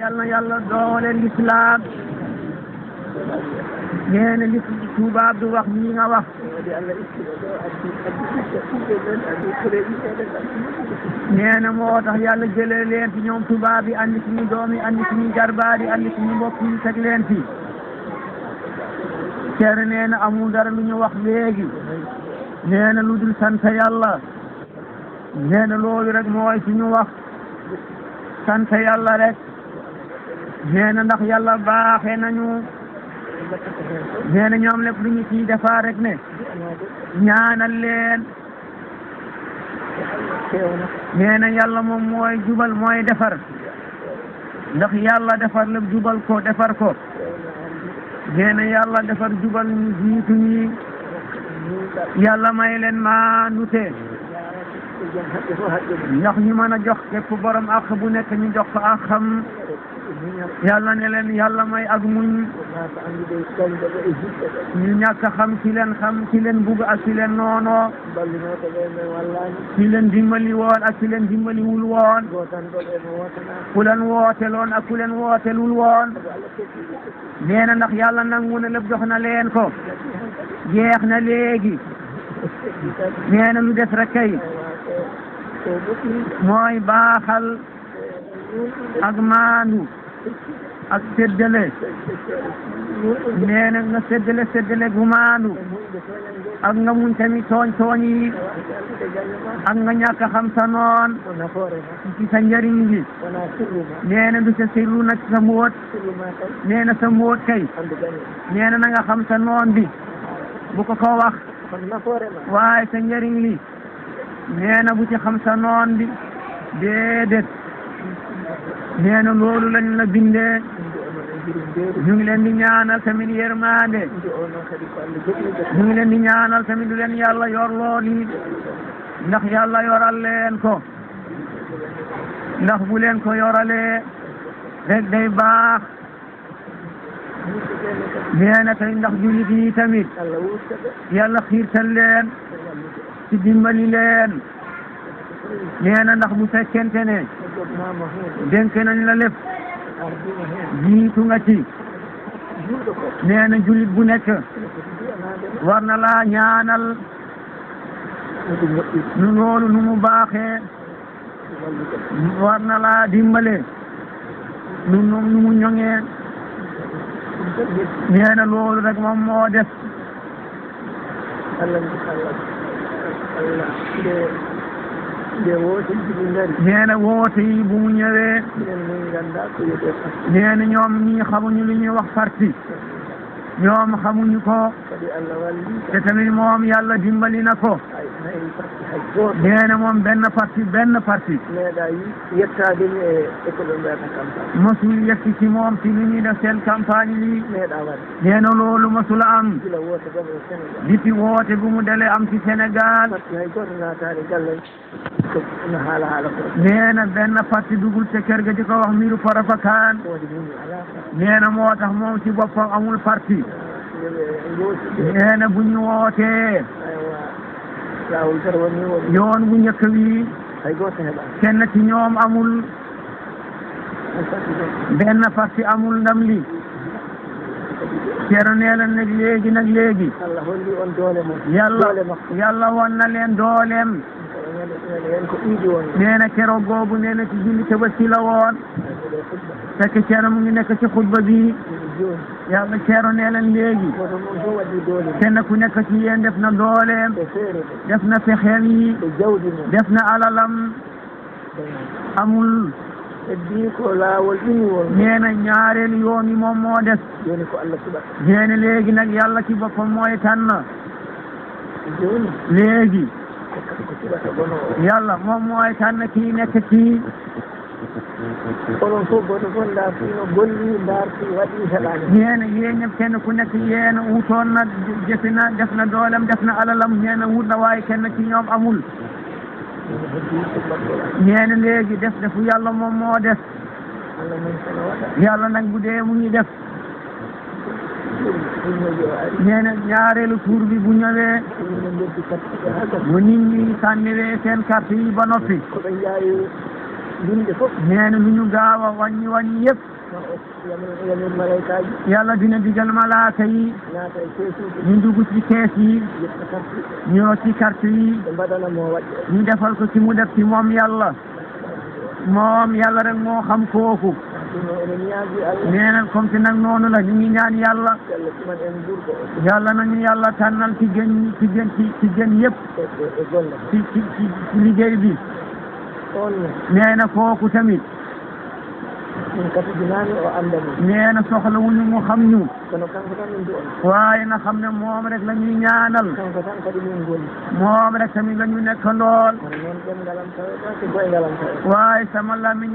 yal na yàlla dooleel lislaam na wax ñi nga wax nee moo tax yàlla jëlee leen fi ñoom tubaab yi andi suñu doom yi andi suñu jarbaat yi andi suñu mbokk yi teg leen fi ceer nee amul dara lu ñu wax léegi nee lu dul sant yàlla nee na rek mooy suñu wax sant yàlla rek nee ndax yàlla baaxe nañu nee na ñoom lépp lu ñu ciy defaa rek ne ñaanal leen nee na yàlla moom mooy jubal mooy defar ndax yàlla defar lépp jubal ko defar ko nee na defar jubal ñu jiitu ñi yàlla may leen maanute ndax ñu mën jox képp borom ak bu nekk ñu jox ko ak yàlla ne leen yàlla may ak muñ ñu ñàkk xam ci leen xam ki leen bugg ak ki leen noonoo ki leen dimbali woon ak ki leen dimbaliwul woon ku leen wooteloon ak ku leen wootelul woon nee na ndax yàlla nangu na jox na leen ko jeex na léegi nee na lu des rek mooy baaxal ak maandu ak séddale nee na nga séddale séddale gu maandu ak nga muñ tamit tooñ tooñ yi ñàkk a xam sa noon ci sa njëriñ du sa sirru sa mbóot nee sa mbóot kay nee na nga xam sa noon bi bu ko ko wax waaye sa njëriñ li nee xam sa noon bi nee na loolu lañ la bindee ñu ngi leen di ñaanal tamit yërmande ñu ngi leen di ñaanal tamit du leen yàlla yorloo lii ndax yàlla yoral leen ko ndax bu leen ko yoralee rek day baax nee na tey ndax jullit yi tamit yàlla xiirtal leen ci dimbali leen nee na ndax bu fekkente ne dénk nañ la lépp jiitu nga ci nee na jullit bu nekk war na laa ñaanal nu loolu nu mu war na laa dimbale nu nu mu ñoŋee nee na loolu def te woote yi bu ndari nee na woote mu ñëwee nee ñoom ñii xamuñu li wax parti ñoom xamuñu ko te tamit moom yàlla dimbali na ko nee moom benn parti benn parti mosul yekki ci moom ci li ñuy def seen campagne li nee na loolu mosul am depuis woote bu mu dele am ci Sénégal ko haala haala ko nee na benn parti dugul ca kër ga di ko wax mbiru Farafa Kaan nee na moo tax moom ci boppam amul parti nee na bu ñu wootee yoon bu njëkk wi kenn ci ñoom amul benn parti amul ndam li Ceerno nee na nag léegi nag léegi leen dooleem nee na keroog googu nee na ci julli tabaski la woon fekk Ceerno mu ngi nekk ci xutba bi yàlla Ceerno nee leen léegi kenn ku nekk ci yéen def na dooleem def na fexeel yi def na alalam amul heddi ñaareel yoon yi moom moo des jooni ko allah suɓat nee na léegi nag yàlla ci boppam mooy yàlla moom mooy tànn kii nekk kii onon fof goto fof dartino golli darti waɗi heɗani yeena yeeñam kenn ku nekk na wutoonna jefina doolem defna alalam yeena wurna waawi kenn ci ñoom amul ñeene léegi def defu yàlla moom moo def yàlla nag bu dee mu ngi def nee na ñaareelu tour bi bu ñëwee bu nit ñi sànniwee seen carte yi ba noppi nee na ñu gaaw a wàññi wàññi yëpp yàlla dina digal malaaka yi ñu dugg ci kees yi ñu rocci ñu defal ko ci mu def ci moom yàlla moom yàlla rek moo xam kooku nee na comme si nag noonu la ñu ngi ñaan yàlla yàlla nañu yàlla tànnal ci gën ci gën ci yëpp ci ci ci liggéey bi nee kooku tamit min kasi dinaami o andami nee na soxla wuñu mu xam ñu waaye na xam ne moom rek la ñuy ñaanal kanko tan kadi min ngoni moom rek la ñu nekk ndool kono noon ɓen ngalam taweta ko goye ngalam taweta waaye sama lamiñ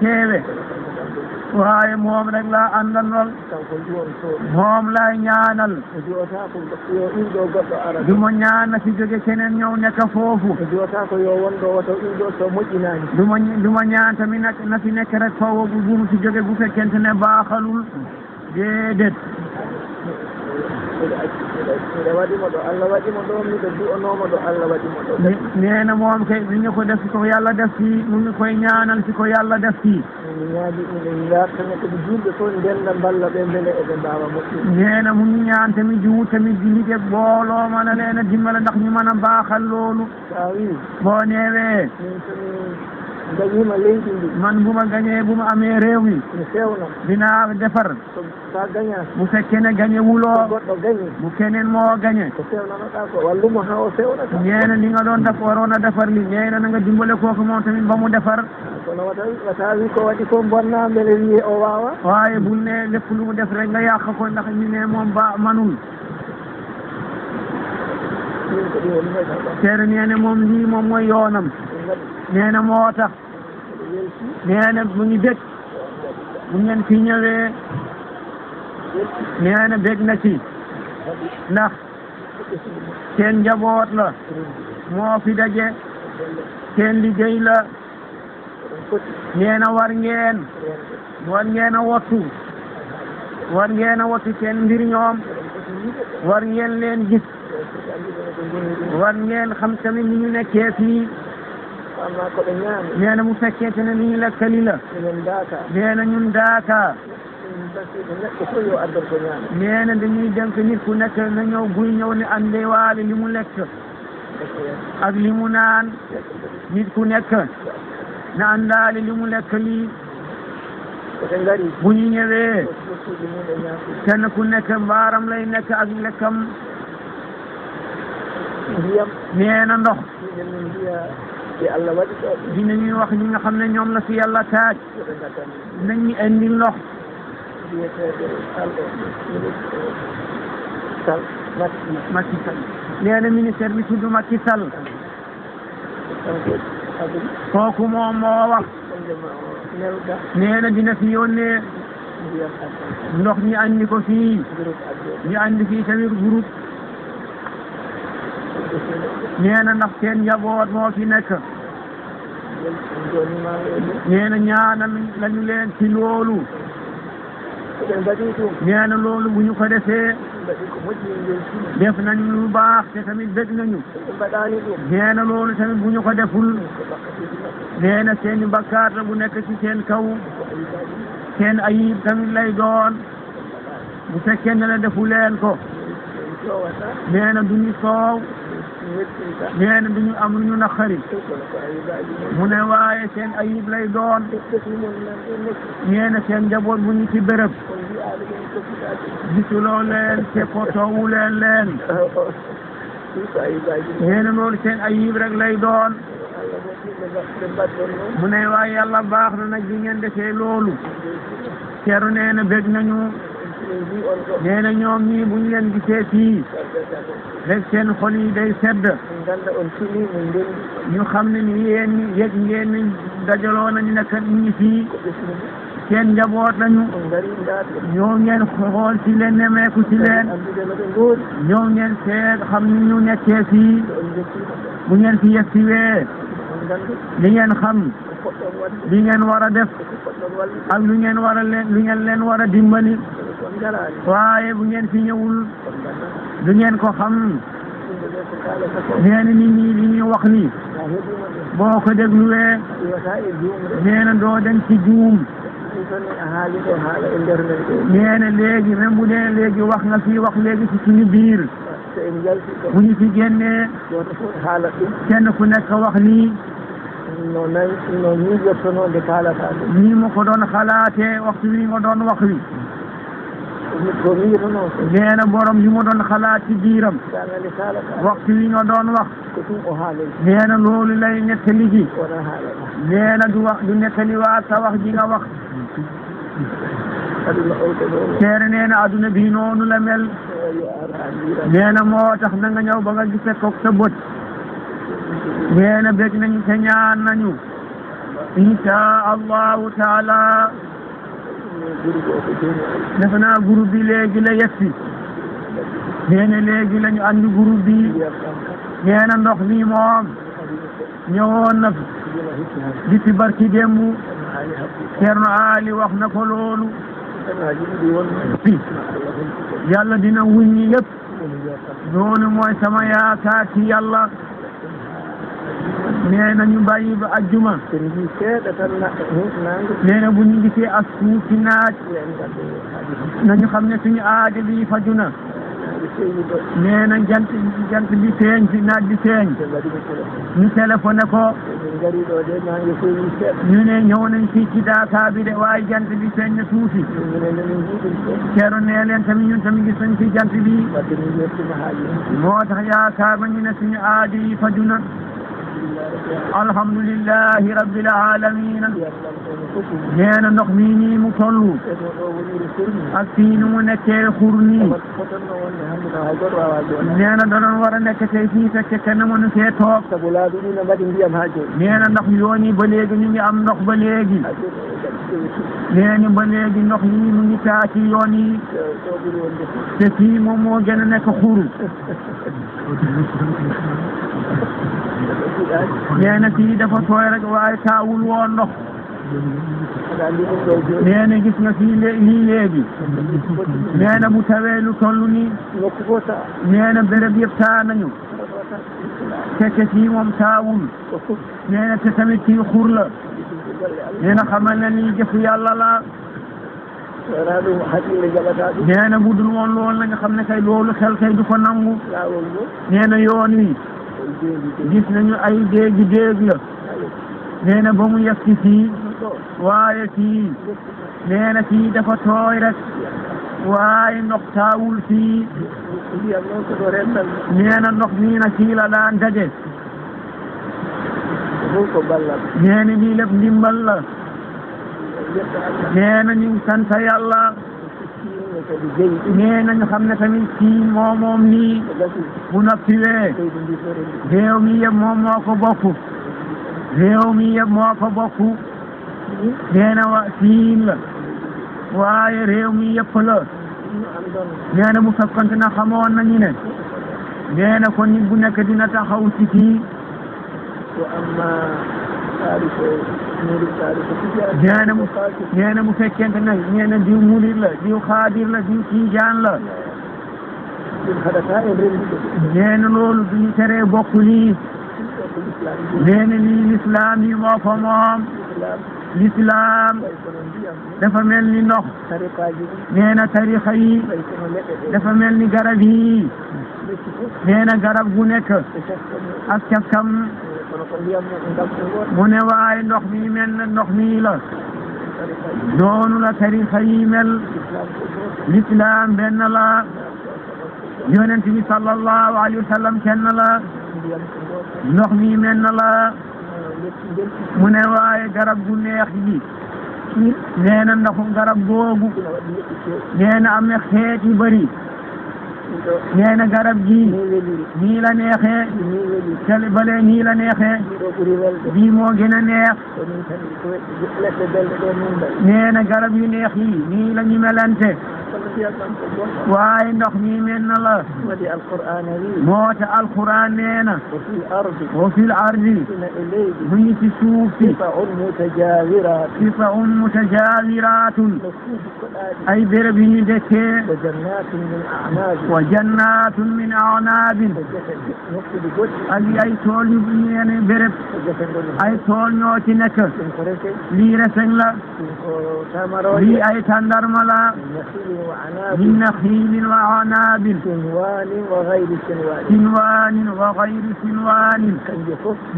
teewe waaye moom rek laa àndandol moom laay ñaanal du mo ñaana si joge keneen ñëw nekk foofu du ma du ma ñaan tamit nag na nekk rek foofu bu buum si joge bu fekkente baaxalul déedéet miɗa waɗimo ɗo allah waɗimo ɗo miɗo du'onomo ɗo allah waɗimo neena moom kay ko defti ko yallah defti ɗumne koye ko yallah defti mi ñaagi miɗen yartane kadi julɓe fof ndenda mballa ɓe beele eɓe mbawa moƴƴude neena mum mi ñaanta mi juuta mi dilite ɓoolomana leena dimmala ndax ñu mën a mbaaxal loolu tawi bo neewee min gañima leydi ndi man bu ma gañee bu ma amee réew mi mi fewna defar sa gaña bu fekkee ne gañe wuloo goɗɗo gañi bu keneen moo gañe ko fewnanoɗa ko doon def waroon defar li ñeena na nga dimbale kooku moom tamit ba mu defar ko waɗi ko bonna waaye bul ne lépp lu mu def rek nga yàq ko ndax ñu ne moom ba manul seere nee moom lii moom mooy yoonam nee na moo tax nee mu ngi bég bu ngeen fi ñëwee nee na na ci ndax seen njaboot la moo fi daje seen liggéey la nee na war ngeen war ngeen a wattu war ngeen a wattu mbir ñoom war leen gis war xam tamit ni ñu nekkee fii amma ko ɓe ñaami nee na mu fekkee te ne li ñu lakkali la minen daaka nee na ñun daaka neɗɗo fof yo addor ko ñaami nee na dañuy dénk nit ku nekk na ñëw buy ñëw ne ande waale li mu lekk ak li mu naan nit ku nekk na andaale li mu lekk lii bu ñu ñëwee kenn ku nekk mbaaram lay nekk ak lekkam nee na ndox yàlla waɗi ɗo wax ñi nga xam ne ñoom la fi yàlla taaj nañu indi ndox wiyeteeɗo salɗo sal Macky Sall nee kooku moom moo wax nee dina fi yónnee ndox ñu andi ko fii ñu andi fii tamit groupe nee na ndax seen njaboot moo fi nekk nee na ñaanal lañu leen ci loolu nee na loolu bu ñu ko defee def nañu lu baax te tamit bëgg nañu nee na loolu tamit bu ñu ko deful nee na seen i bakkaar la bu nekk ci seen kaw seen ayib tamit lay doon bu fekkee ne la defu leen ko nee na duñu soow nee na ñu am lu ñu naqari mu ne waaye seen ayib lay doon nee na seen njaboot bu ñu ci béréb gisuloo leen te potoowu leen leen nee loolu seen ayib rek lay doon mu ne waaye yàlla baax na nag bi ngeen defee loolu ceru nee na bég nañu nee na ñoom ñii bu ñu leen gisee fii rek seen day sedd ñu xam ne ni yéen ñi yëg ngeen ni dajaloo nañu ne kat ñi fii njaboot lañu ñoo ngeen xool ci leen nemeeku ci leen ñoo ngeen seet xam ni ñu nekkee fii bu ngeen fi yegg wee li ngeen xam li ngeen war a def ak lu ngeen war a leen lu ngeen leen war a dimbali waaye bu ngeen fi ñëwul du ngeen ko xam nee na nit ñi li wax ni boo ko dégluwee nee na doo dem ci juum nee na léegi même bu dee wax nga fii wax léegi ci suñu biir bu ñu fi génnee kenn ku nekk wax ni no nayi no miijortonoonde kaalataade ni mo ko ɗoon halaatee waktu wi ngo borom yu ma doon xalaat ci biiram waxtu wi nga doon wax nee na lay nettali ji nee na du wax du nettali waa wax ji wax teere nee na adduna bi noonu la mel nee na moo tax na nga ñëw ba nga gisee koog sa bët nee na nañu te nañu insha allahu taala defe naa léegi la yegsi nee na léegi la ñu andi groupe bi nee na ndox moom ñëwoon na di barki démb Ceerno Ali wax na ko loolu dina wuññi lépp loolu mooy sama yaakaar ci yàlla nee a ñu bàyyi ba ajjuma. nee na bu ñu gisee as tuuti naaj. nañu xam ne suñu aajo bi faju na. nee na jant bi feeñ si naaj bi feeñ. ko. ñu ne ñëw nañ fii ci Daaka bi de waaye jant bi feeñ na tuuti. keroog nee leen tamit ñun tamit gis nañ fi jant bi. moo tax yaakaar nañu ne suñu aajo yi faju na. alhamdulilahi rabbil aalamiin nee na ndox mii nii mu toll ak fii ni mu nekkee xur nii nee na danoon war a nekk tey fii fekke kenn mënu fee toog nee na ndax yoon yi ba léegi ñu ngi am ndox ba léegi nee na ba léegi ndox yi mu ngi taa ci yoon yi te fii moom moo gën a nekk xur nee na fii dafa tooy rek waaye taawul woon ndox nee gis nga fii lii léegi nee bu tawee lu toll nii nee na béréb yëpp taa nañu fekk fii moom taawul nee na te tamit fii xur la nee na xamal na ni yàlla la nee na bu dul woon loolu la xam ne kay loolu xel kay du ko nangu nee yoon wi gis nañu ay déegi déeg la nee na ba mu yegg ci waaye fii nee na dafa tooy rek waaye ndox taawul fii nee na ndox mii na la daan daje nee na lii lépp la nee na ñu sant nee nañu xam ne tamit kii moo moom nii bu noppiwee réew mi yëpp moom moo ko bokk réew mi yëpp moo ko bokk nee na wa siin la waaye réew mi yëpp la nee na bu fekkonte na xamoon nañu ne nee na kon nit bu nekk dina taxaw ci kii nee na mu nee na diw mudir la diw xaadir diw tiijaan la nee na loolu duñu teree bokk lii nee na lislaam yi moo ko moom lislaam dafa mel ni ndox nee na tarixa yi mel ni garab yi nee na garab gu nekk ak mu ne waaye ndox mi mel na ndox mi la doonu la tarixa mel lislaam benn la yonent bi sallallahu alayhi wa sallam la ndox mi mel na la mu ne waaye garab gu neex gi nee na garab googu nee na am na xeet nee na garab gi nii la neexee tali bale nii la neexee bii moo gën a neex nee na garab yu neex yi nii la ñu melante waaye ndox mi mel na la moo te alquran nee na wa fi l ardi mu ngi ci suuf si qita'un mutajawiratun ay béréb yu ñu dëkkee وجنات من أعناب tool yu ñeene ñoo ci nekk lii lii ay tàndarma la min naxiilin wa anaabin sinwaanin wa xayri sinwaanin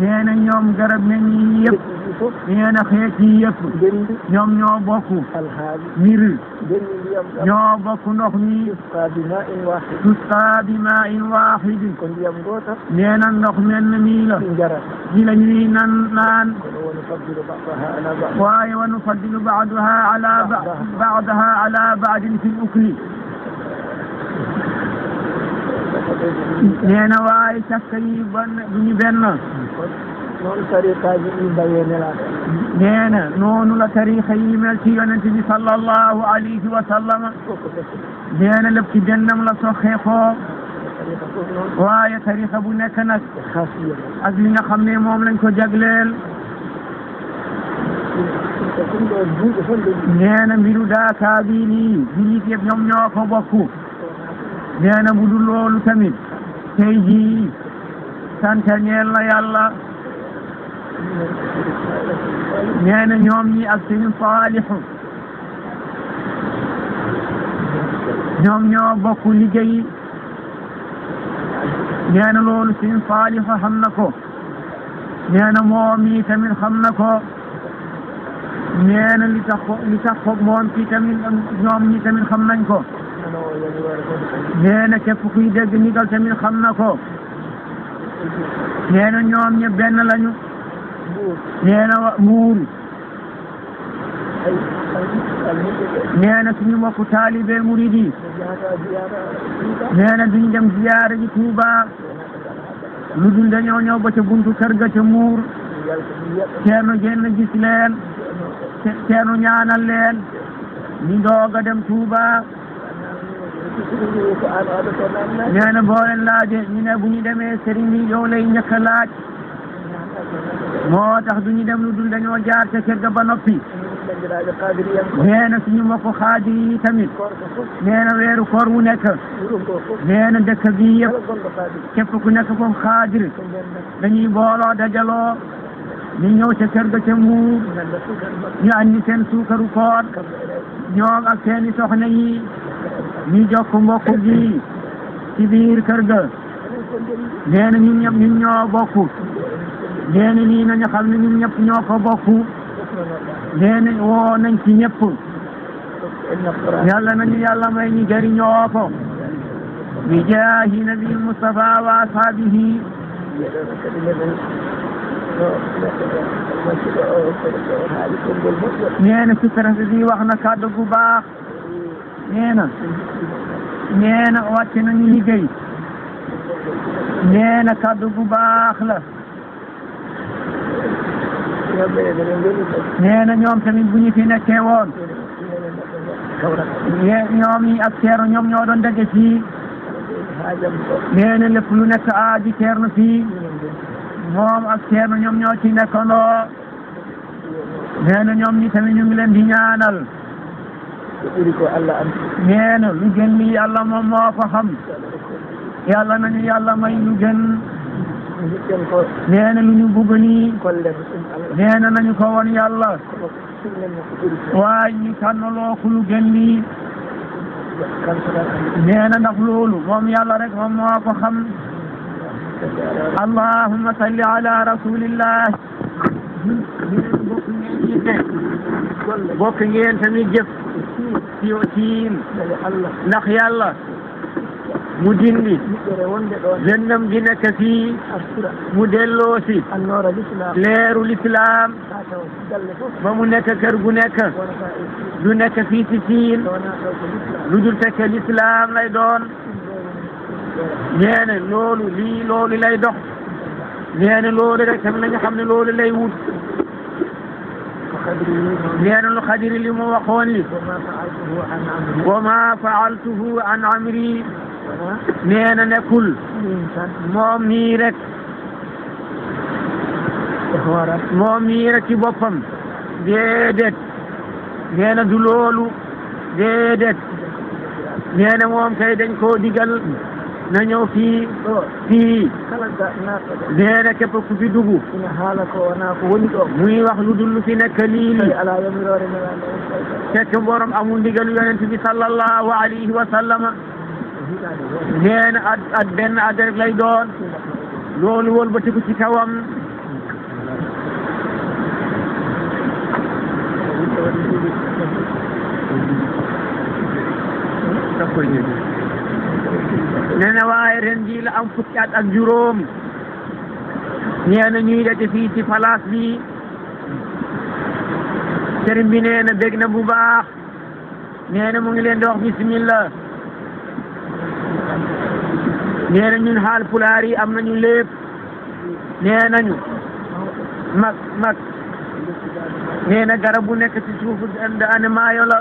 nee na ñoom garab ne ñi yëpp na xeet yi yëpp ñoom ñoo bokk mbir ñoo bokk ndox tusqaa bimaa'in waahidin ko ndiyam gootal nee na ndox mel na mii la ñi la ñuy nan naan waaye wa nufaddilu ba'daha ala ba'daha ala ba'din fil ukli nee na waaye càkk yi ban duñu benn noonu tariqa yi noonu la tariqa yi mel ci yonent bi sallallahu alayhi wa sallam nee na lépp la soxee koo waaye bu nekk nag ak li nga xam ne moom lañ ko jagleel nee na mbiru daakaa bii nii jullit yëpp ñoo ko bokku nee bu dul loolu tamit tey jii sant ñeel na nee na ñoom ñii ak sëriñ Saalixu ñoom ñoo bokk liggéey nee na loolu sëriñ Saalixu xam na ko nee na moom tamit xam na ko nee na li tax ko ko fii tamit ñoom ñii tamit xam nañ ko nee na képp xam na ko ñoom ñëpp benn lañu nee na muur nee na suñu mbokku taalibe murid yi nee na dem ziyaara ji Tuuba lu dul dañoo ñëw ba ca buntu kër ga ca muur Ceerno génn gis leen Ceerno ñaanal leen ñu doog dem Tuuba nee na boo leen laajee ñu demee sëriñ bi yow lay njëkk laaj moo tax du ñu dem lu dul dañoo jaar ca ga ba noppi nee na suñu mbokku xaadir yi tamit nee na weeru koor wu nekk nee na dëkk bi yëpp képp ku nekk foofu xaadir dañuy booloo dajaloo ñu ñëw ca kër ga ca mu ñu andi seen suukaru koor ñoom ak seeni soxna yi ñu jokk mbokk gi ci kër ga nee na ñoo bokk nee na nii nañu xam ne ñun ñëpp ñoo ko bokk nee na woo nañ ci ñëpp yàlla nañu yàlla may ñu jëriñoo bi jaahi nabi Mustafa wa ashaabihi nee na sufrasi wax na kàddu gu baax nee na nee na wàcc nañu liggéey nee na kàddu gu baax la nee na ñoom tamit bu ñu fi nekkee woon. ñoom ñi ak Thierno ñoom ñoo doon dégg fii. nee na lépp lu nekk aaji Thierno fii. moom ak Thierno ñoom ñoo ci nekkandoo. nee na ñoom ñi tamit ñu ngi leen di ñaanal. nee na lu gën li moo ko xam. yàlla nañu yàlla may lu gën. nee na lu ñu bugg nii nee na nañu ko won yàlla waaye ñu na ndax loolu moom yàlla rek moom moo ko xam allahumma salli ala rasulillah bokk ngeen yitte bokk ngeen tamit jëf si tiim ndax yàlla mu dindi lëndëm gi nekk fii mu delloosi leeru lislaam ba mu nekk kër gu nekk du nekk fii ci siin lu dul fekk lislaam lay doon nee na loolu lii loolu lay dox nee loolu rek tam xam ne loolu lay wut nee lu xadiri li mu waxoon li wa ma an amri nee na nekkul moom mii rek moom mii ci boppam déedéet nee du loolu déedéet nee na moom kay dañ ko digal na ñëw fii fii nee na képp ku fi dugg muy wax lu dul lu fi nekk lii lii fekk borom amul ndigal yonent sallallahu alayhi wa nee na at at benn at rek lay doon loolu wëlbatiku ci kawam nee na waaye ren am fukki at ak juróom nee na ñuy dete fii ci palaas bi sëriñ bi nee na bég na bu baax nee mu ngi leen di bismillah nee na ñun xaal pulaar yi am nañu lépp nee nañu mag mag nee na garab bu nekk ci suufu daane maayo la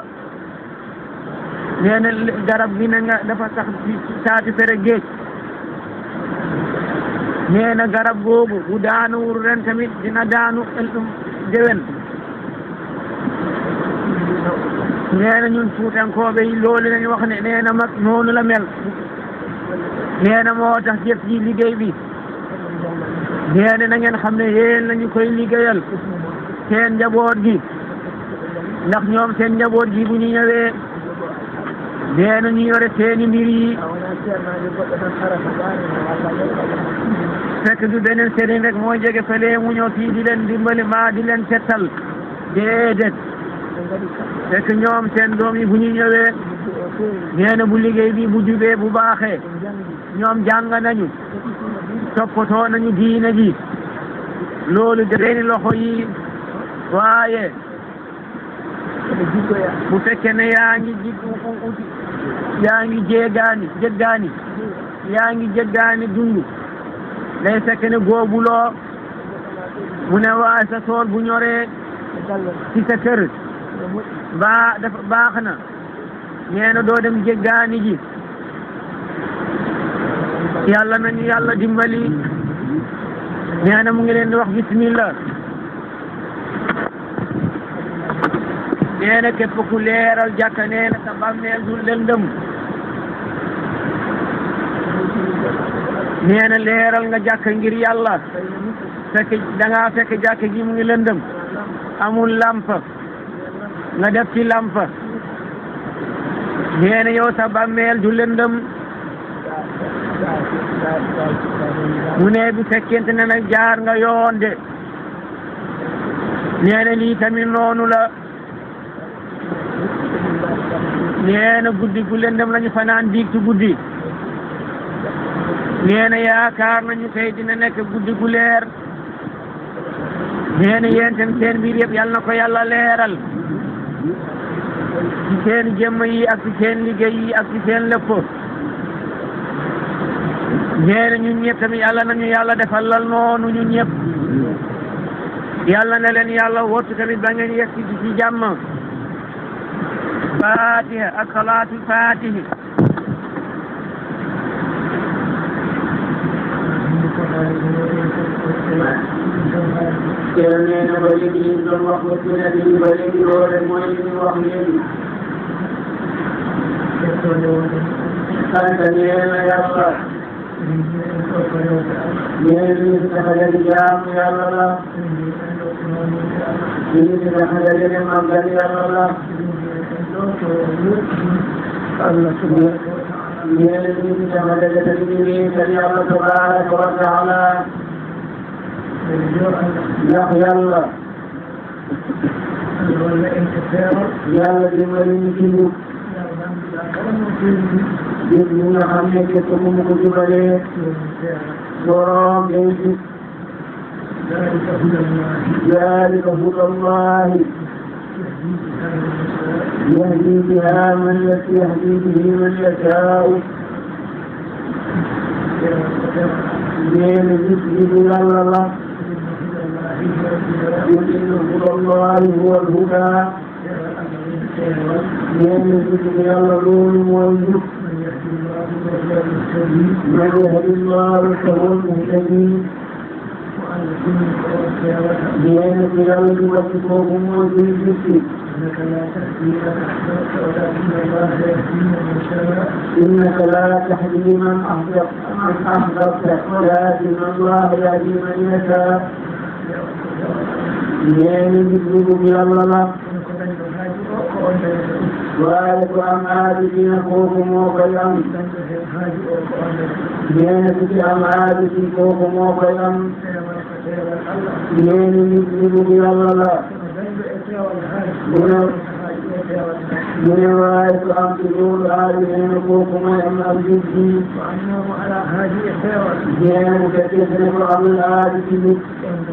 nee garab gi na nga dafa sax ci taati fere géej nee na garab googu bu daanuwul ren tamit dina daanu um, déwén nee na ñun fuutankoobe yi loolu lañu wax ne nee mag noonu la mel nee na moo tax jëf ji liggéey bi nee nangeen na xam ne yeen lañu koy liggéeyal seen njaboot gi ndax ñoom seen njaboot gi bu ñu ñëwee nee na ñu yore seeni mbir yi fekk du beneen sëriñ rek moo jege fële mu ñëw fii di leen dimbali maa di leen tettal déedéet fekk ñoom seen doom yi bu ñu ñëwee nee na bu liggéey bi bu jubee bu baaxe ñoom jàng nañu toppatoo nañu diine ji loolu de loxo yi waaye bu fekkee ne yaa ngi ji yaa ngi jéegaani jéggaani yaa ngi jéggaani dund day fekk ne loo mu ne waaye sa tool bu ñore ci sa baax na nee na doo dem jéggaani gi yàlla nañu yàlla dimbali nee mu ngi leen di wax bismillah nee na képp ku leeral jàkka nee na sa bàmmeel du lëndëm nga jàkka ngir yàlla fekk da ngaa fekk jàkka ji mu ngi lëndëm amul lampa nga def ci lampa nee na yow sa bàmmeel du lëndëm mu ne bu fekkente ne nag jaar nga yoon de nee lii tamit noonu la nee na guddi gu lëndëm lañu fanaan diig ci guddi nee na yaakaar nañu tey dina nekk guddi gu leer nee na yéen seen mbir yëpp yal na ko yàlla leeral ci seen jëmm yi ak ci seen liggéey yi ak ci seen lépp nee ñun ñëpp tamit yàlla nañu yàlla defal lal noonu ñun ñëpp yàlla na leen yàlla wottu tamit ba ngeen yegg ci ci jàmm faatiha ak salaatul faatihi kër nee na ba léegi li ñu doon wax lépp nekk nii ba léegi loolu rek mooy li ñu wax léegi. sant nee na yàlla. nee na ñu taxalee jaamu yàlla la. ñu taxalee màggal yàlla la. nee na ñu taxalee ndax yàlla. yàlla dimbali ñu ci njub. njub ñi nga xam ne képp ku mu ko jubalee. borom day jub. ذلك هدى الله يهدي بها من يهدي به من يشاء لين يسجد الله قل إن هدى الله هو الهدى من يهد يلا لون ويهد من يهد الله فهو المهتدي بيان قيامة وصفهم وزيدتي إنك لا تهدي من أحببت ولكن الله يهدي من يشاء إنك لا تهدي من أحببت ولكن الله يهدي من يشاء ñeeni jublugu yàlla la waaye ko am aaji dina kooku moo koy am ñeeni ku ci am aaji si kooku moo koy am ñeeni jublugu yàlla la mu ne mu ne waaye ko am ci loolu aaji neena kooku mooy am ak jubbi ñeeni ku fekkee ne ko amul aaji ci nit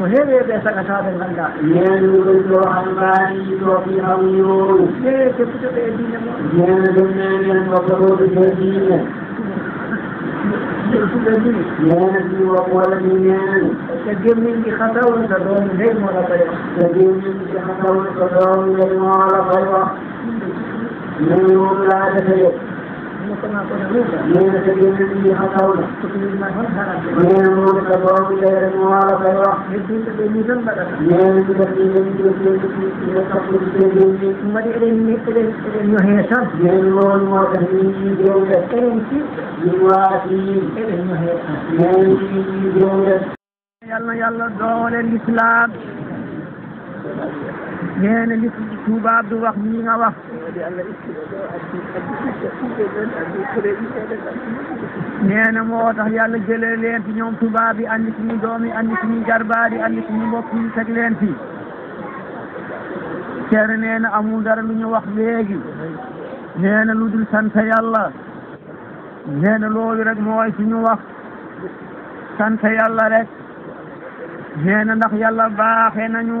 ko heeweɓe sagataɓe ngannda ñeene ɓeydo hambaani ɗofi hawyooru heewe kettutoɓe e diine mum ñeene ɗumnenen wokkotoɓe ɓe diine ñeene ɗi wokkola ɗi ñeene so gemminɗi hatawonta ɗon ndey moola fayo so gemminɗi hatawonta ɗon ndey moola fayo min wumlaade fayo كما كنا حين تبين فيها قوله تبين من هرب من المتبوع غير موالفة يحبين تبين ذنبك من تبين تبين تبين تبين ثم إذن إذن يهيسم من مول موتهين جودة إذن في من واسين إذن يهيسم من في جودة يلا يلا دول الإسلام nee na li Touba Abdou wax nii nga wax nee na moo tax yàlla jëlee leen fi ñoom Touba bi andi suñu doom yi andi suñu jarbaat yi andi suñu mbokk yi teg leen fi Ceerno nee amul dara lu ñu wax léegi nee lu dul sant yàlla nee na loolu rek mooy suñu wax sant yàlla rek nee na ndax yàlla baaxee nañu